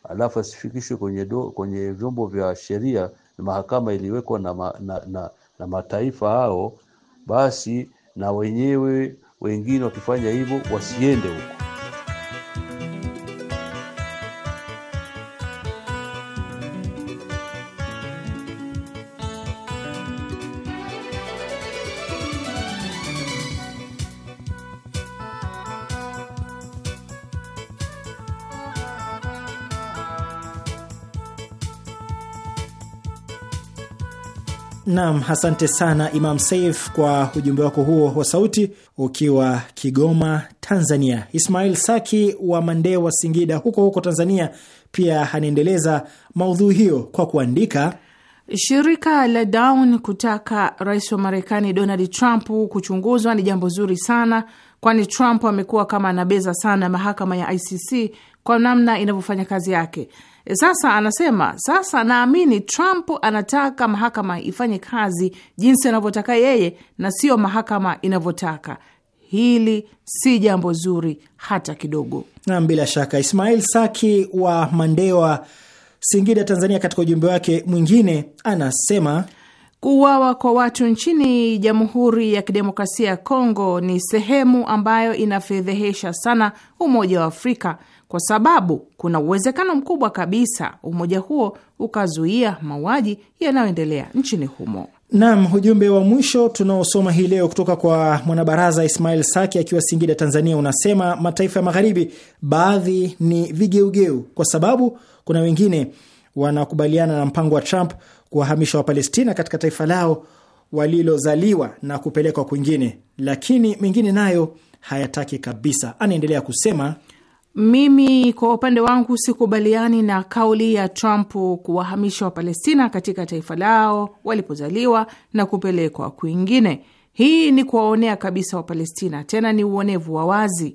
alafu asifikishwe kwenye, kwenye vyombo vya sheria mahakama iliwekwa na, ma, na, na, na mataifa hao, basi na wenyewe wengine wakifanya hivyo wasiende huko. Naam, asante sana Imam Saif kwa ujumbe wako huo wa sauti ukiwa Kigoma, Tanzania. Ismail Saki wa Mandeo wa Singida huko huko Tanzania pia anaendeleza maudhui hiyo kwa kuandika Shirika la Dawn kutaka rais wa Marekani Donald Trump kuchunguzwa ni jambo zuri sana, kwani Trump amekuwa kama anabeza sana mahakama ya ICC kwa namna inavyofanya kazi yake. Sasa anasema sasa, naamini Trump anataka mahakama ifanye kazi jinsi anavyotaka yeye na sio mahakama inavyotaka. Hili si jambo zuri hata kidogo. Naam, bila shaka. Ismail Saki wa Mandewa, Singida, Tanzania, katika ujumbe wake mwingine anasema kuuawa kwa watu nchini Jamhuri ya Kidemokrasia ya Kongo ni sehemu ambayo inafedhehesha sana Umoja wa Afrika kwa sababu kuna uwezekano mkubwa kabisa umoja huo ukazuia mauaji yanayoendelea nchini humo. Nam, ujumbe wa mwisho tunaosoma hii leo kutoka kwa mwanabaraza Ismail Saki akiwa Singida, Tanzania, unasema mataifa ya Magharibi baadhi ni vigeugeu, kwa sababu kuna wengine wanakubaliana na mpango wa Trump kuwahamisha Wapalestina katika taifa lao walilozaliwa na kupelekwa kwingine, lakini mengine nayo hayataki kabisa. Anaendelea kusema mimi kwa upande wangu sikubaliani na kauli ya Trump kuwahamisha Wapalestina katika taifa lao walipozaliwa na kupelekwa kwingine. Hii ni kuwaonea kabisa Wapalestina, tena ni uonevu wa wazi.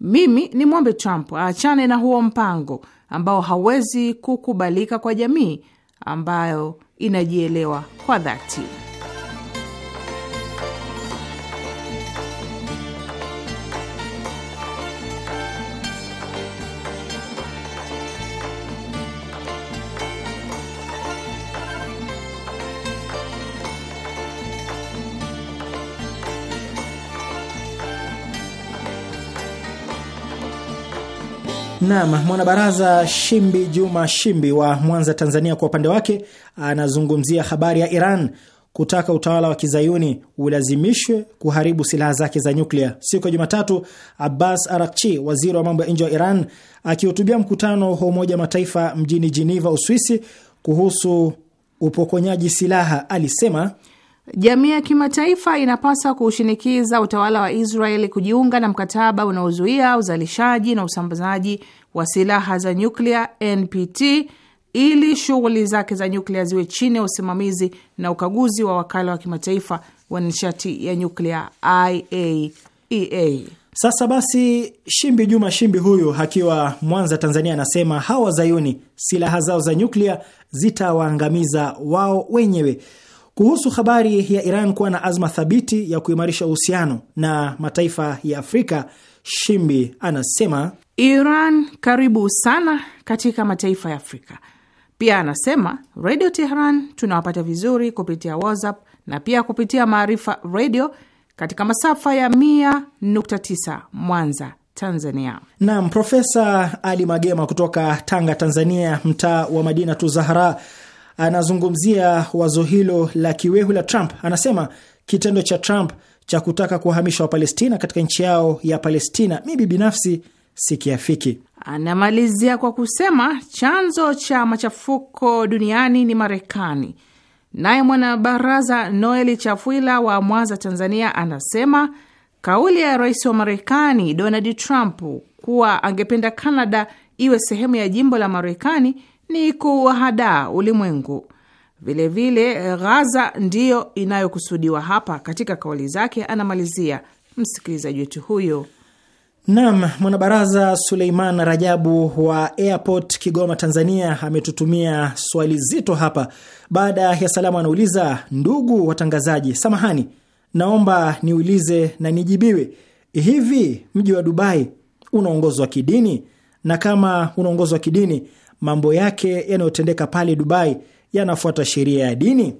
Mimi ni mwombe Trump aachane na huo mpango ambao hawezi kukubalika kwa jamii ambayo inajielewa kwa dhati. Naam, mwanabaraza Shimbi Juma Shimbi wa Mwanza, Tanzania, kwa upande wake anazungumzia habari ya Iran kutaka utawala wa kizayuni ulazimishwe kuharibu silaha zake za nyuklia. Siku ya Jumatatu, Abbas Arakchi, waziri wa mambo ya nje wa Iran, akihutubia mkutano wa Umoja Mataifa mjini Jeneva, Uswisi, kuhusu upokonyaji silaha, alisema Jamii ya kimataifa inapaswa kuushinikiza utawala wa Israeli kujiunga na mkataba unaozuia uzalishaji na usambazaji wa silaha za nyuklia NPT ili shughuli zake za nyuklia ziwe chini ya usimamizi na ukaguzi wa wakala wa kimataifa wa nishati ya nyuklia IAEA. E Sasa basi, Shimbi Juma Shimbi huyu akiwa Mwanza, Tanzania, anasema hawa Zayuni silaha zao za nyuklia zitawaangamiza wao wenyewe. Kuhusu habari ya Iran kuwa na azma thabiti ya kuimarisha uhusiano na mataifa ya Afrika, Shimbi anasema Iran karibu sana katika mataifa ya Afrika. Pia anasema Radio Tehran tunawapata vizuri kupitia WhatsApp na pia kupitia Maarifa Radio katika masafa ya 100.9 Mwanza, Tanzania. Naam, Profesa Ali Magema kutoka Tanga, Tanzania, mtaa wa Madina tu Zahara anazungumzia wazo hilo la kiwehu la Trump. Anasema kitendo cha Trump cha kutaka kuwahamisha Wapalestina katika nchi yao ya Palestina, mimi binafsi sikiafiki. Anamalizia kwa kusema chanzo cha machafuko duniani ni Marekani. Naye mwanabaraza Noeli Chafuila wa Mwanza, Tanzania, anasema kauli ya rais wa Marekani Donald Trump kuwa angependa Kanada iwe sehemu ya jimbo la Marekani ni kuwahadaa ulimwengu. Vilevile Ghaza ndiyo inayokusudiwa hapa katika kauli zake, anamalizia msikilizaji wetu huyo. Nam mwanabaraza Suleiman Rajabu wa Airport Kigoma, Tanzania, ametutumia swali zito hapa. Baada ya salamu, anauliza ndugu watangazaji, samahani, naomba niulize na nijibiwe, hivi mji wa Dubai unaongozwa kidini? Na kama unaongozwa kidini, mambo yake yanayotendeka pale Dubai yanafuata sheria ya dini?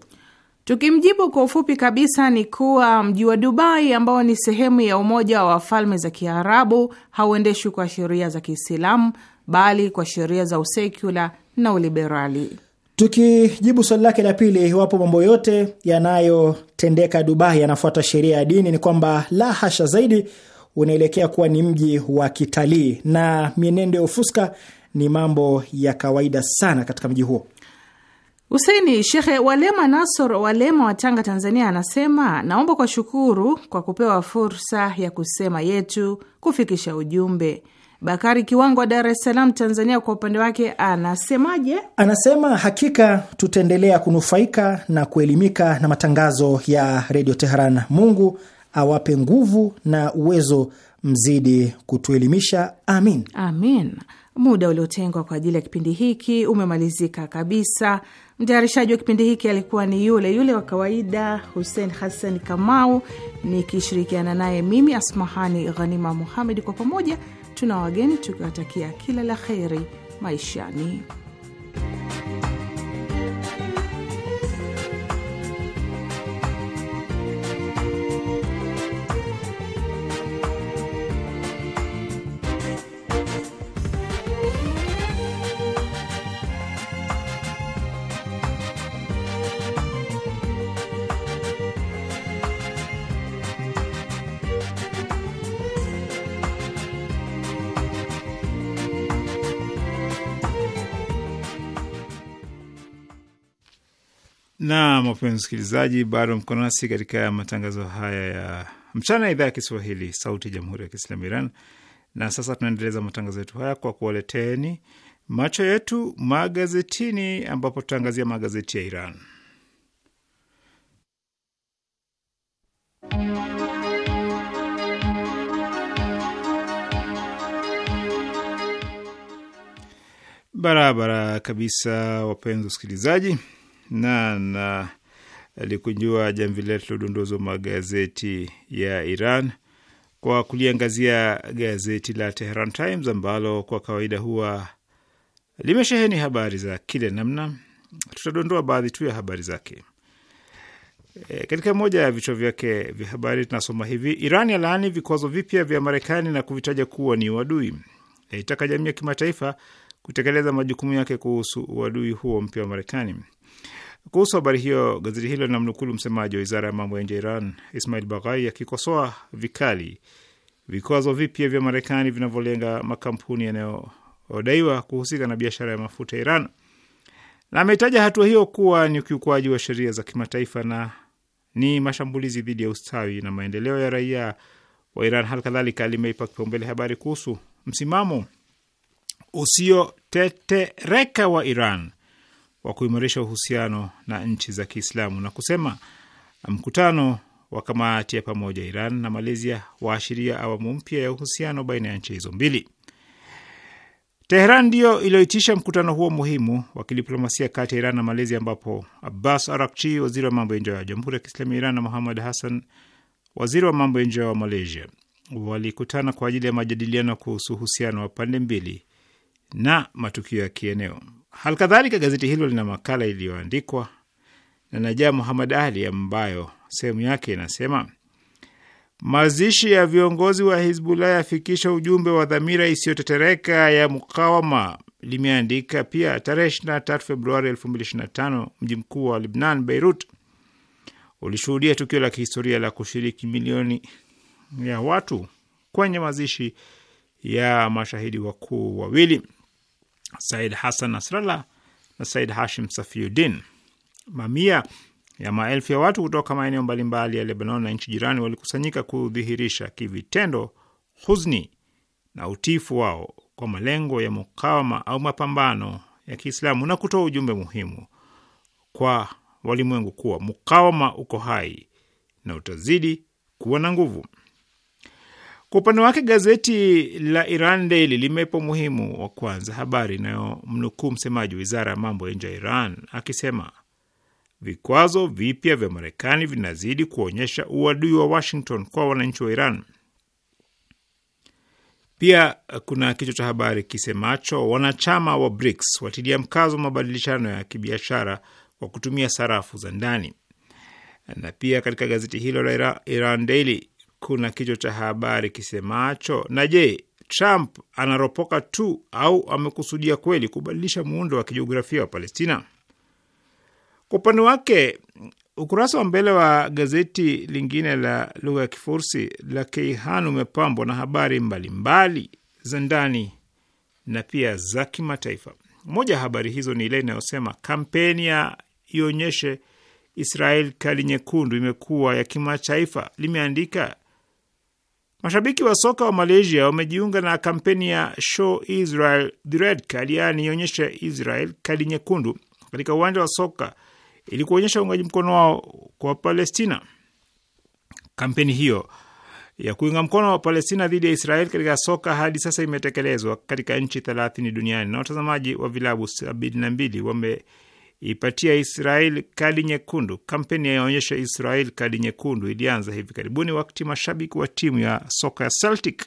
Tukimjibu kwa ufupi kabisa ni kuwa mji wa Dubai ambao ni sehemu ya Umoja wa Falme za Kiarabu hauendeshwi kwa sheria za Kiislamu bali kwa sheria za usekula na uliberali. Tukijibu swali lake la pili, iwapo mambo yote yanayotendeka Dubai yanafuata sheria ya dini, ni kwamba la hasha, zaidi unaelekea kuwa ni mji wa kitalii na mienendo ya ufuska ni mambo ya kawaida sana katika mji huo. Huseini Shekhe Walema Nasor Walema wa Tanga, Tanzania, anasema naomba kwa shukuru kwa kupewa fursa ya kusema yetu, kufikisha ujumbe. Bakari Kiwango wa Dar es Salaam, Tanzania, kwa upande wake anasemaje? Anasema hakika tutaendelea kunufaika na kuelimika na matangazo ya Redio Teheran. Mungu awape nguvu na uwezo, mzidi kutuelimisha. Amin, amin. Muda uliotengwa kwa ajili ya kipindi hiki umemalizika kabisa. Mtayarishaji wa kipindi hiki alikuwa ni yule yule wa kawaida, Hussein Hassan Kamau, nikishirikiana naye mimi Asmahani Ghanima Muhamed. Kwa pamoja tuna wageni tukiwatakia kila la kheri maishani. wapenzi msikilizaji, bado mko nasi katika matangazo haya ya mchana ya idhaa ya Kiswahili sauti ya jamhuri ya kiislamu Iran. Na sasa tunaendeleza matangazo yetu haya kwa kuwaleteni macho yetu magazetini, ambapo tutaangazia magazeti ya Iran. Barabara kabisa, wapenzi wasikilizaji, na na alikunjua jamvi letu la udondozi wa magazeti ya Iran kwa kuliangazia gazeti la Teheran Times ambalo kwa kawaida huwa limesheheni habari za kile namna. Tutadondoa baadhi tu ya habari zake. E, katika moja ya vichwa vyake vya habari tunasoma hivi: Iran yalaani vikwazo vipya vya Marekani na kuvitaja kuwa ni uadui, yaitaka jamii ya kimataifa kutekeleza majukumu yake kuhusu uadui huo mpya wa Marekani. Kuhusu habari hiyo, gazeti hilo linamnukulu msemaji wa wizara ya mambo ya nje ya Iran Ismail Baghai akikosoa vikali vikwazo vipya vya Marekani vinavyolenga makampuni yanayodaiwa kuhusika na biashara ya mafuta ya Iran na ametaja hatua hiyo kuwa ni ukiukwaji wa sheria za kimataifa na ni mashambulizi dhidi ya ustawi na maendeleo ya raia wa Iran. Hali kadhalika limeipa kipaumbele habari kuhusu msimamo usiotetereka wa Iran wa kuimarisha uhusiano na nchi za Kiislamu na kusema mkutano wa kamati ya pamoja Iran na Malaysia waashiria awamu mpya ya uhusiano baina ya nchi hizo mbili. Teheran ndiyo iliyoitisha mkutano huo muhimu wa kidiplomasia kati ya Iran na Malaysia, ambapo Abbas Arakchi, waziri wa mambo ya nje wa Jamhuri ya Kiislamu ya Iran, na Muhammad Hassan, waziri wa mambo ya nje wa Malaysia, walikutana kwa ajili ya majadiliano kuhusu uhusiano wa pande mbili na matukio ya kieneo. Halikadhalika, gazeti hilo lina makala iliyoandikwa na Najaa Muhammad Ali ambayo sehemu yake inasema mazishi ya viongozi wa Hizbullah yafikisha ujumbe wa dhamira isiyotetereka ya mukawama. Limeandika pia tarehe 23 Februari 2025 mji mkuu wa libnan Beirut, ulishuhudia tukio la kihistoria la kushiriki milioni ya watu kwenye mazishi ya mashahidi wakuu wawili Said Hassan Nasrallah na Said Hashim Safiuddin. Mamia ya maelfu ya watu kutoka maeneo mbalimbali ya Lebanon na nchi jirani walikusanyika kudhihirisha kivitendo huzni na utifu wao kwa malengo ya mukawama au mapambano ya Kiislamu na kutoa ujumbe muhimu kwa walimwengu kuwa mukawama uko hai na utazidi kuwa na nguvu. Kwa upande wake gazeti la Iran Daily limeipa umuhimu wa kwanza habari inayomnukuu msemaji wa wizara ya mambo ya nje ya Iran akisema vikwazo vipya vya Marekani vinazidi kuonyesha uadui wa Washington kwa wananchi wa Iran. Pia kuna kichwa cha habari kisemacho wanachama wa BRICS watilia mkazo mabadilishano ya kibiashara kwa kutumia sarafu za ndani. Na pia katika gazeti hilo la Iran Daily kuna kichwa cha habari kisemacho, na je, Trump anaropoka tu au amekusudia kweli kubadilisha muundo wa kijiografia wa Palestina? Kwa upande wake ukurasa wa mbele wa gazeti lingine la lugha ya Kifursi la Keihan umepambwa na habari mbalimbali za ndani na pia za kimataifa. Moja ya habari hizo ni ile inayosema kampeni ya ionyeshe Israel kali nyekundu imekuwa ya kimataifa. Limeandika Mashabiki wa soka wa Malaysia wamejiunga na kampeni ya Show Israel the Red Card, yaani ionyeshe Israel kadi nyekundu, katika uwanja wa soka ili kuonyesha uungaji mkono wao kwa Palestina. Kampeni hiyo ya kuunga mkono wa Palestina dhidi ya Israel katika soka hadi sasa imetekelezwa katika nchi thelathini duniani na watazamaji wa vilabu sabini na mbili wame ipatia Israel kadi nyekundu. Kampeni yaonyesha Israel kadi nyekundu ilianza hivi karibuni wakati mashabiki wa timu ya soka ya Celtic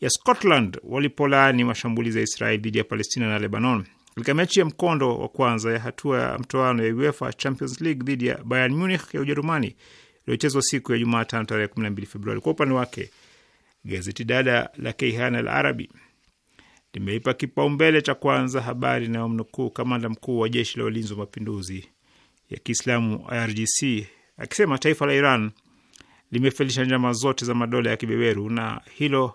ya Scotland walipolaani mashambulizi ya Israel dhidi ya Palestina na Lebanon katika mechi ya mkondo wa kwanza ya hatua ya mtoano ya UEFA Champions League dhidi ya Bayern Munich ya Ujerumani iliyochezwa siku ya Jumatano tarehe 12 Februari. Kwa upande wake gazeti dada la Kayhan Al Arabi limeipa kipaumbele cha kwanza habari inayomnukuu kamanda mkuu wa jeshi la ulinzi wa mapinduzi ya Kiislamu IRGC akisema taifa la Iran limefelisha njama zote za madola ya kibeberu na hilo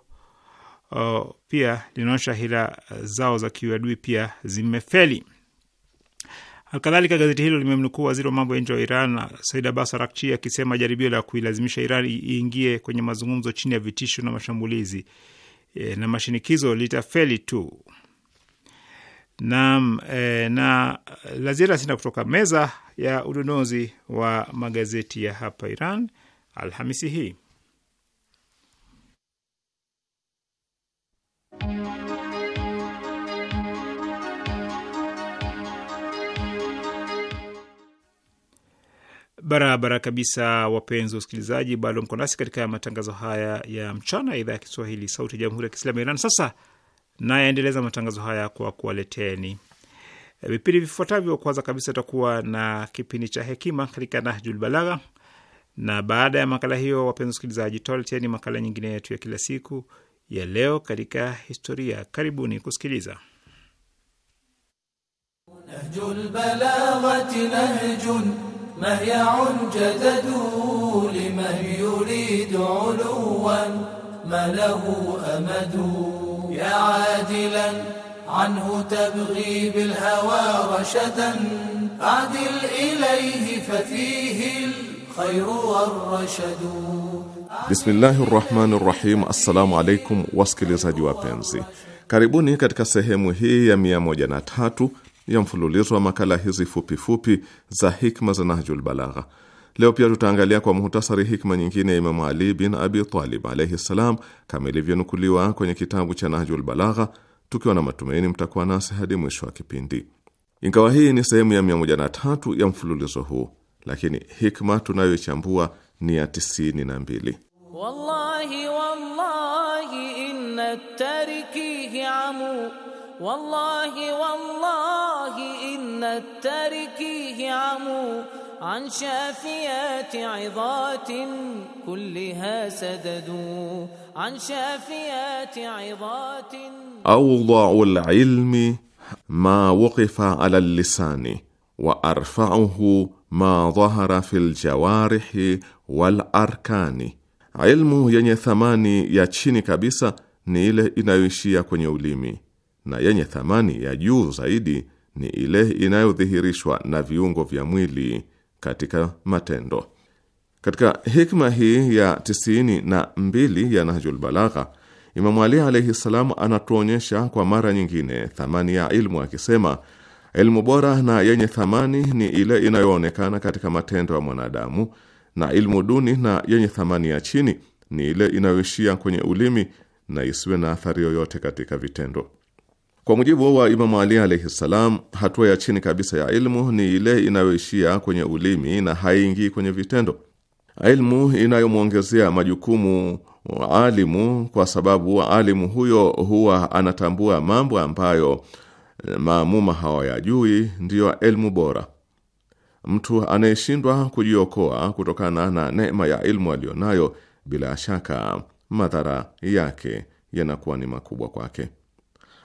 uh, pia linaonyesha hila zao za kiuadui pia zimefeli. Alkadhalika, gazeti hilo limemnukuu waziri wa mambo ya nje wa Iran Said Abbas Arakchi akisema jaribio la kuilazimisha Iran iingie kwenye mazungumzo chini ya vitisho na mashambulizi E, na mashinikizo litafeli tu. Naam, e, na la ziada sina kutoka meza ya udondozi wa magazeti ya hapa Iran Alhamisi hii. Barabara kabisa, wapenzi wasikilizaji, bado mko nasi katika matangazo haya ya mchana idhaa ya Kiswahili, Sauti ya Jamhuri ya Kiislamu ya Iran. Sasa nayaendeleza matangazo haya kwa kuwaleteni vipindi vifuatavyo. Kwanza kabisa, itakuwa na kipindi cha hekima katika Nahjul Balagha, na baada ya makala hiyo, wapenzi wasikilizaji, tutawaleteni makala nyingine yetu ya kila siku ya leo katika historia. Karibuni kusikiliza Nahjul Balagha. مهيع جدد لمن يريد علوا ما له أمد يا عادلا عنه تبغي بالهوى رشدا أعدل إليه ففيه الخير والرشد Bismillahi rrahmani rrahim. Assalamu alaikum wasikilizaji wapenzi, karibuni katika sehemu hii ya mia moja na tatu ya mfululizo wa makala hizi fupifupi fupi za hikma za Nahjul Balagha. Leo pia tutaangalia kwa muhtasari hikma nyingine ya Imamu Ali bin Abi Talib alaihi ssalam, kama ilivyonukuliwa kwenye kitabu cha Nahjul Balagha, tukiwa na matumaini mtakuwa nasi hadi mwisho wa kipindi. Ingawa hii ni sehemu ya 103 ya mfululizo huu, lakini hikma tunayoichambua ni ya 92. Wallahi wallahi inna tarikihi amu والله والله إن التاركيه عمو عن شافيات عظات كلها سددوا عن شافيات عظات أوضع العلم ما وقف على اللسان وأرفعه ما ظهر في الجوارح والأركان. علم ينثماني thamani chini kabisa ni ile inayoishia kwenye ulimi. na yenye thamani ya juu zaidi ni ile inayodhihirishwa na viungo vya mwili katika matendo. Katika hikma hii ya tisini na mbili ya Nahjul Balagha, Imamu Ali alaihi ssalam anatuonyesha kwa mara nyingine thamani ya ilmu akisema, ilmu bora na yenye thamani ni ile inayoonekana katika matendo ya mwanadamu, na ilmu duni na yenye thamani ya chini ni ile inayoishia kwenye ulimi na isiwe na athari yoyote katika vitendo. Kwa mujibu wa Imamu Ali alaihi ssalam, hatua ya chini kabisa ya ilmu ni ile inayoishia kwenye ulimi na haiingii kwenye vitendo. Ilmu inayomwongezea majukumu alimu, kwa sababu alimu huyo huwa anatambua mambo ambayo maamuma hawayajui, ndiyo ilmu bora. Mtu anayeshindwa kujiokoa kutokana na neema ya ilmu aliyonayo, bila shaka madhara yake yanakuwa ni makubwa kwake.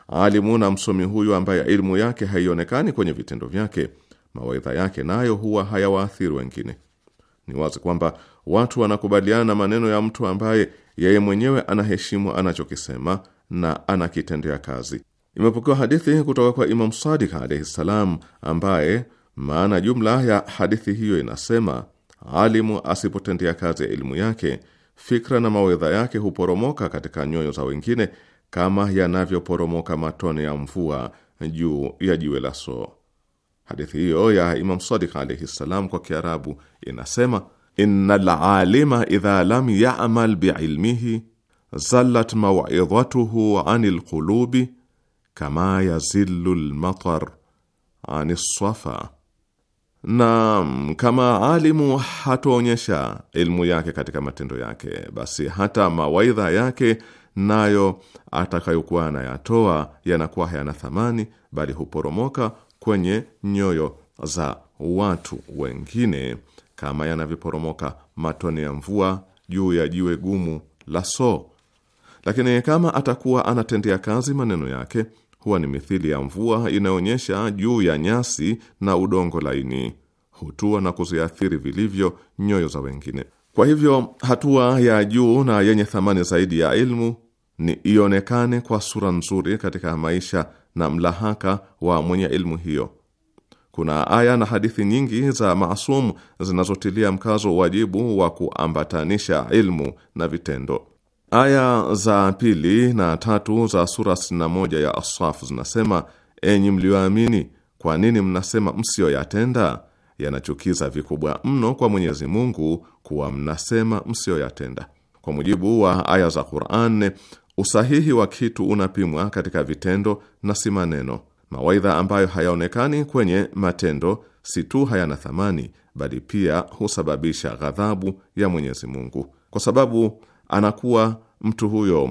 Alimu na msomi huyu ambaye ilmu yake haionekani kwenye vitendo vyake, mawaidha yake nayo huwa hayawaathiri wengine. Ni wazi kwamba watu wanakubaliana na maneno ya mtu ambaye yeye mwenyewe anaheshimu anachokisema na anakitendea kazi. Imepokewa hadithi kutoka kwa Imam Sadik alaihi ssalam, ambaye maana jumla ya hadithi hiyo inasema, alimu asipotendea kazi ya elimu yake, fikra na mawaidha yake huporomoka katika nyoyo za wengine kama yanavyoporomoka matone ya mvua juu ya jiwe la soo. Hadithi hiyo ya Imam Sadiq alaihi ssalam kwa Kiarabu inasema inna lalima idha lam ya'mal biilmihi zallat maw'idhatuhu an lqulubi kama yazilu lmatar an lswafa na kama alimu hatoonyesha ilmu yake katika matendo yake, basi hata mawaidha yake nayo atakayokuwa anayatoa yanakuwa hayana thamani, bali huporomoka kwenye nyoyo za watu wengine kama yanavyoporomoka matone ya mvua juu ya jiwe gumu la soo. Lakini kama atakuwa anatendea kazi maneno yake, huwa ni mithili ya mvua inayoonyesha juu ya nyasi na udongo laini, hutua na kuziathiri vilivyo nyoyo za wengine. Kwa hivyo hatua ya juu na yenye thamani zaidi ya ilmu ni ionekane kwa sura nzuri katika maisha na mlahaka wa mwenye ilmu hiyo. Kuna aya na hadithi nyingi za maasumu zinazotilia mkazo wajibu wa kuambatanisha ilmu na vitendo. Aya za pili na tatu za sura 61 ya Asaf zinasema: enyi mlioamini, kwa nini mnasema msiyoyatenda? Yanachukiza vikubwa mno kwa Mwenyezi Mungu kuwa mnasema msiyoyatenda. Kwa mujibu wa aya za Qur'an, Usahihi wa kitu unapimwa katika vitendo na si maneno. Mawaidha ambayo hayaonekani kwenye matendo si tu hayana thamani, bali pia husababisha ghadhabu ya Mwenyezi Mungu, kwa sababu anakuwa mtu huyo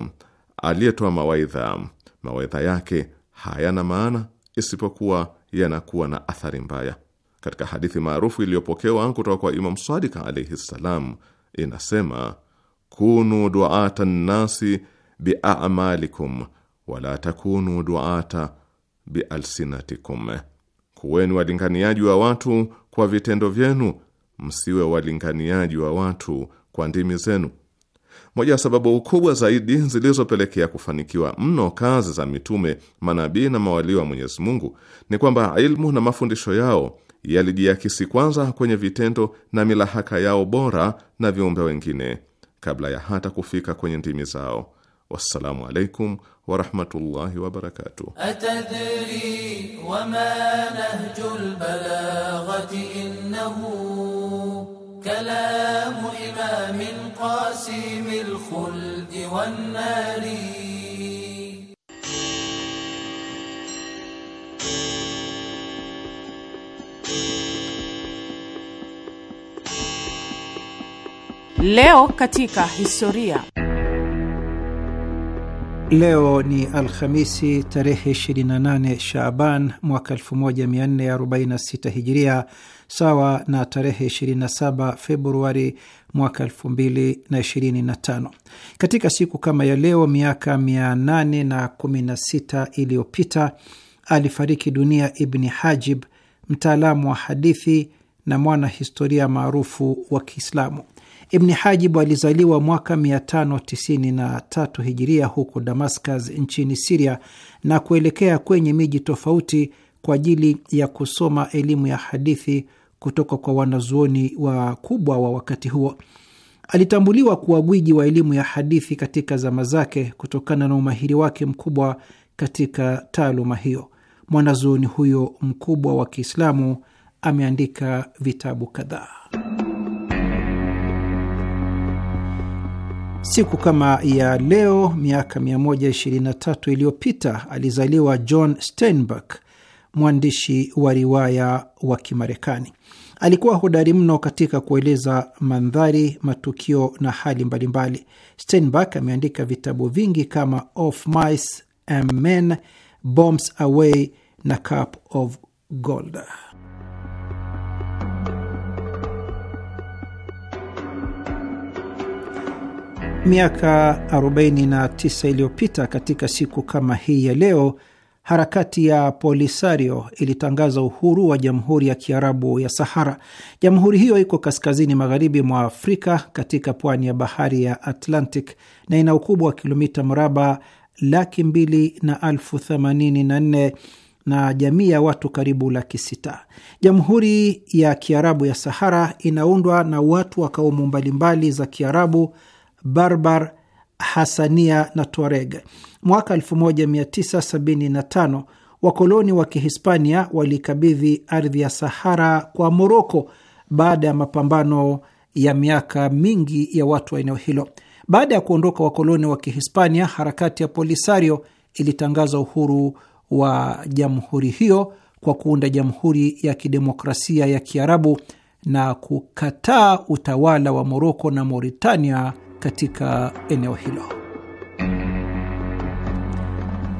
aliyetoa mawaidha, mawaidha yake hayana maana, isipokuwa yanakuwa na athari mbaya. Katika hadithi maarufu iliyopokewa kutoka kwa Imam Sadiq alaihi ssalam, inasema kunu duata nnasi biamalikum wala takunu duata bialsinatikum, kuweni walinganiaji wa watu kwa vitendo vyenu, msiwe walinganiaji wa watu kwa ndimi zenu. Moja ya sababu kubwa zaidi zilizopelekea kufanikiwa mno kazi za mitume, manabii na mawalii wa Mwenyezi Mungu ni kwamba ilmu na mafundisho yao yalijiakisi kwanza kwenye vitendo na milahaka yao bora na viumbe wengine kabla ya hata kufika kwenye ndimi zao. Wassalamu alaikum warahmatullahi wabarakatuh. Atadri wama nahjul balaghati innahu kalamu imamin qasimil khuldi wan nari Leo katika historia. Leo ni Alhamisi tarehe 28 Shaaban mwaka 1446 Hijiria, sawa na tarehe 27 Februari mwaka 2025. Katika siku kama ya leo miaka 816 iliyopita alifariki dunia Ibni Hajib, mtaalamu wa hadithi na mwana historia maarufu wa Kiislamu. Ibni Hajibu alizaliwa mwaka 593 hijiria huko Damascus nchini Siria na kuelekea kwenye miji tofauti kwa ajili ya kusoma elimu ya hadithi kutoka kwa wanazuoni wakubwa wa wakati huo. Alitambuliwa kuwa gwiji wa elimu ya hadithi katika zama zake kutokana na umahiri wake mkubwa katika taaluma hiyo. Mwanazuoni huyo mkubwa wa Kiislamu ameandika vitabu kadhaa. Siku kama ya leo miaka 123 iliyopita alizaliwa John Steinbeck, mwandishi wa riwaya wa Kimarekani. Alikuwa hodari mno katika kueleza mandhari, matukio na hali mbalimbali. Steinbeck ameandika vitabu vingi kama Of Mice and Men, Bombs Away na Cup of Gold. Miaka 49 iliyopita katika siku kama hii ya leo, harakati ya Polisario ilitangaza uhuru wa Jamhuri ya Kiarabu ya Sahara. Jamhuri hiyo iko kaskazini magharibi mwa Afrika katika pwani ya bahari ya Atlantic na ina ukubwa wa kilomita mraba laki mbili na elfu themanini na nne na jamii ya watu karibu laki sita. Jamhuri ya Kiarabu ya Sahara inaundwa na watu wa kaumu mbalimbali za Kiarabu Barbar, Hasania na Tuareg. Mwaka 1975 wakoloni wa Kihispania walikabidhi ardhi ya Sahara kwa Moroko baada ya mapambano ya miaka mingi ya watu wa eneo hilo. Baada ya kuondoka wakoloni wa Kihispania, harakati ya Polisario ilitangaza uhuru wa jamhuri hiyo kwa kuunda Jamhuri ya Kidemokrasia ya Kiarabu na kukataa utawala wa Moroko na Mauritania katika eneo hilo.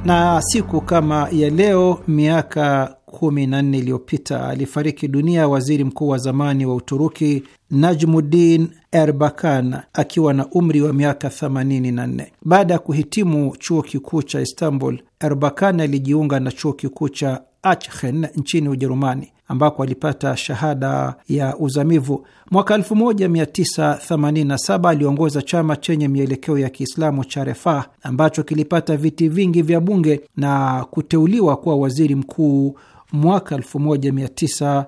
Na siku kama ya leo miaka kumi na nne iliyopita alifariki dunia waziri mkuu wa zamani wa Uturuki Najmuddin Erbakan akiwa na umri wa miaka 84. Baada ya kuhitimu chuo kikuu cha Istanbul, Erbakan alijiunga na chuo kikuu cha Aachen nchini Ujerumani ambako alipata shahada ya uzamivu. Mwaka 1987 aliongoza chama chenye mielekeo ya Kiislamu cha Refah ambacho kilipata viti vingi vya bunge na kuteuliwa kuwa waziri mkuu mwaka 1996.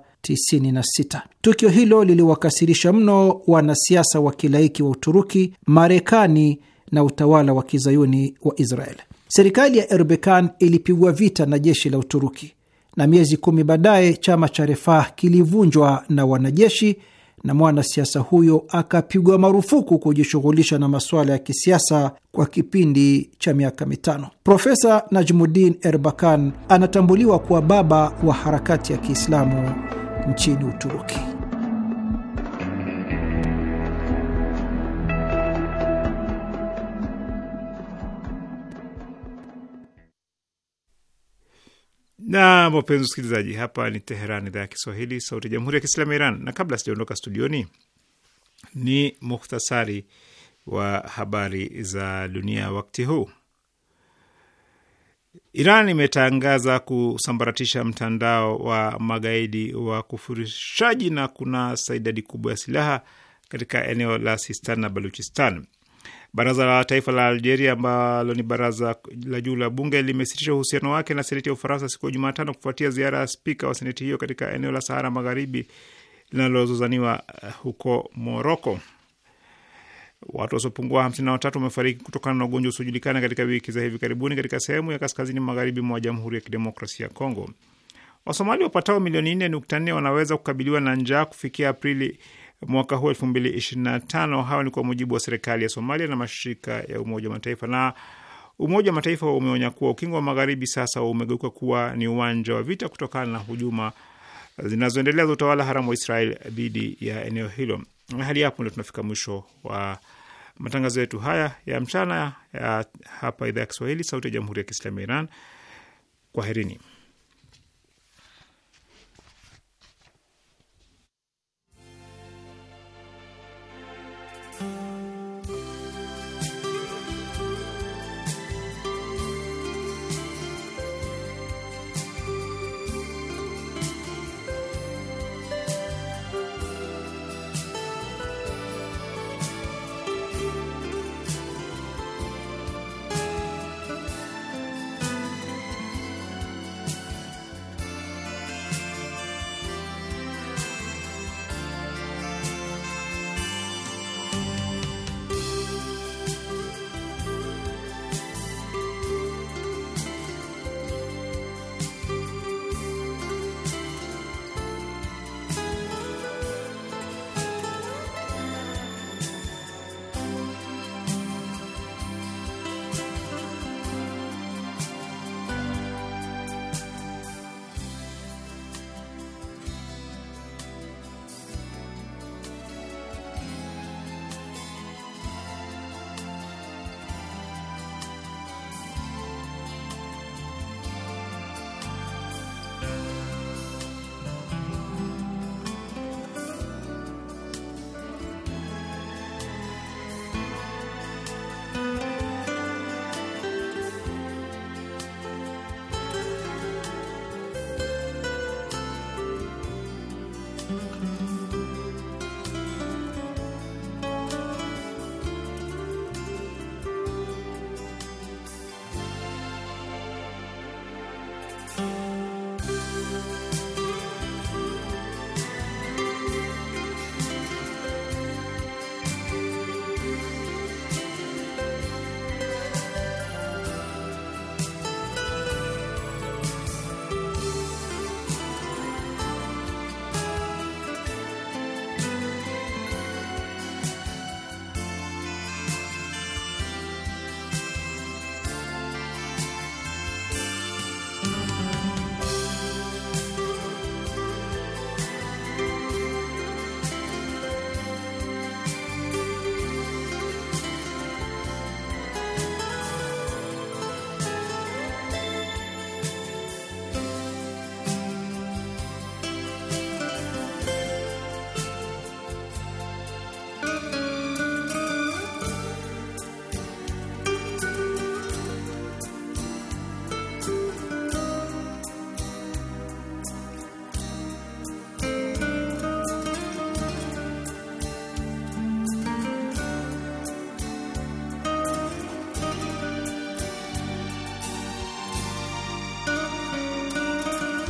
Tukio hilo liliwakasirisha mno wanasiasa wa kilaiki wa Uturuki, Marekani na utawala wa kizayuni wa Israel. Serikali ya Erbekan ilipigwa vita na jeshi la Uturuki na miezi kumi baadaye chama cha Refah kilivunjwa na wanajeshi na mwanasiasa huyo akapigwa marufuku kujishughulisha na masuala ya kisiasa kwa kipindi cha miaka mitano. Profesa Najmuddin Erbakan anatambuliwa kuwa baba wa harakati ya Kiislamu nchini Uturuki. Na wapenzi wasikilizaji, hapa ni Teheran, idhaa ya Kiswahili, sauti ya jamhuri ya kiislamu ya Iran. Na kabla sijaondoka studioni, ni muhtasari wa habari za dunia wakati huu. Iran imetangaza kusambaratisha mtandao wa magaidi wa kufurishaji na kunasa idadi kubwa ya silaha katika eneo la Sistan na Baluchistan. Baraza la Taifa la Algeria ambalo ni baraza la juu la bunge limesitisha uhusiano wake na seneti ya Ufaransa siku ya Jumatano kufuatia ziara ya spika wa seneti hiyo katika eneo la Sahara Magharibi linalozozaniwa eh, huko Moroko. Watu wasiopungua hamsini na watatu wamefariki kutokana na ugonjwa usiojulikana katika wiki za hivi karibuni katika sehemu ya kaskazini magharibi mwa Jamhuri ya Kidemokrasia ya Kongo. Wasomali wapatao milioni nne nukta nne wanaweza kukabiliwa na njaa kufikia Aprili mwaka huu tano. Hayo ni kwa mujibu wa serikali ya Somalia na mashirika ya Umoja wa Mataifa. Na Umoja wa Mataifa umeonya kuwa ukingo wa magharibi sasa umegeuka kuwa ni uwanja wa vita kutokana na hujuma zinazoendelea za utawala haramu wa Israel dhidi ya eneo hilo. Hadi hapo ndio tunafika mwisho wa matangazo yetu haya ya mchana ya hapa idhaa ya Kiswahili, Sauti ya Jamhuri ya Kiislamu ya Iran. Kwaherini.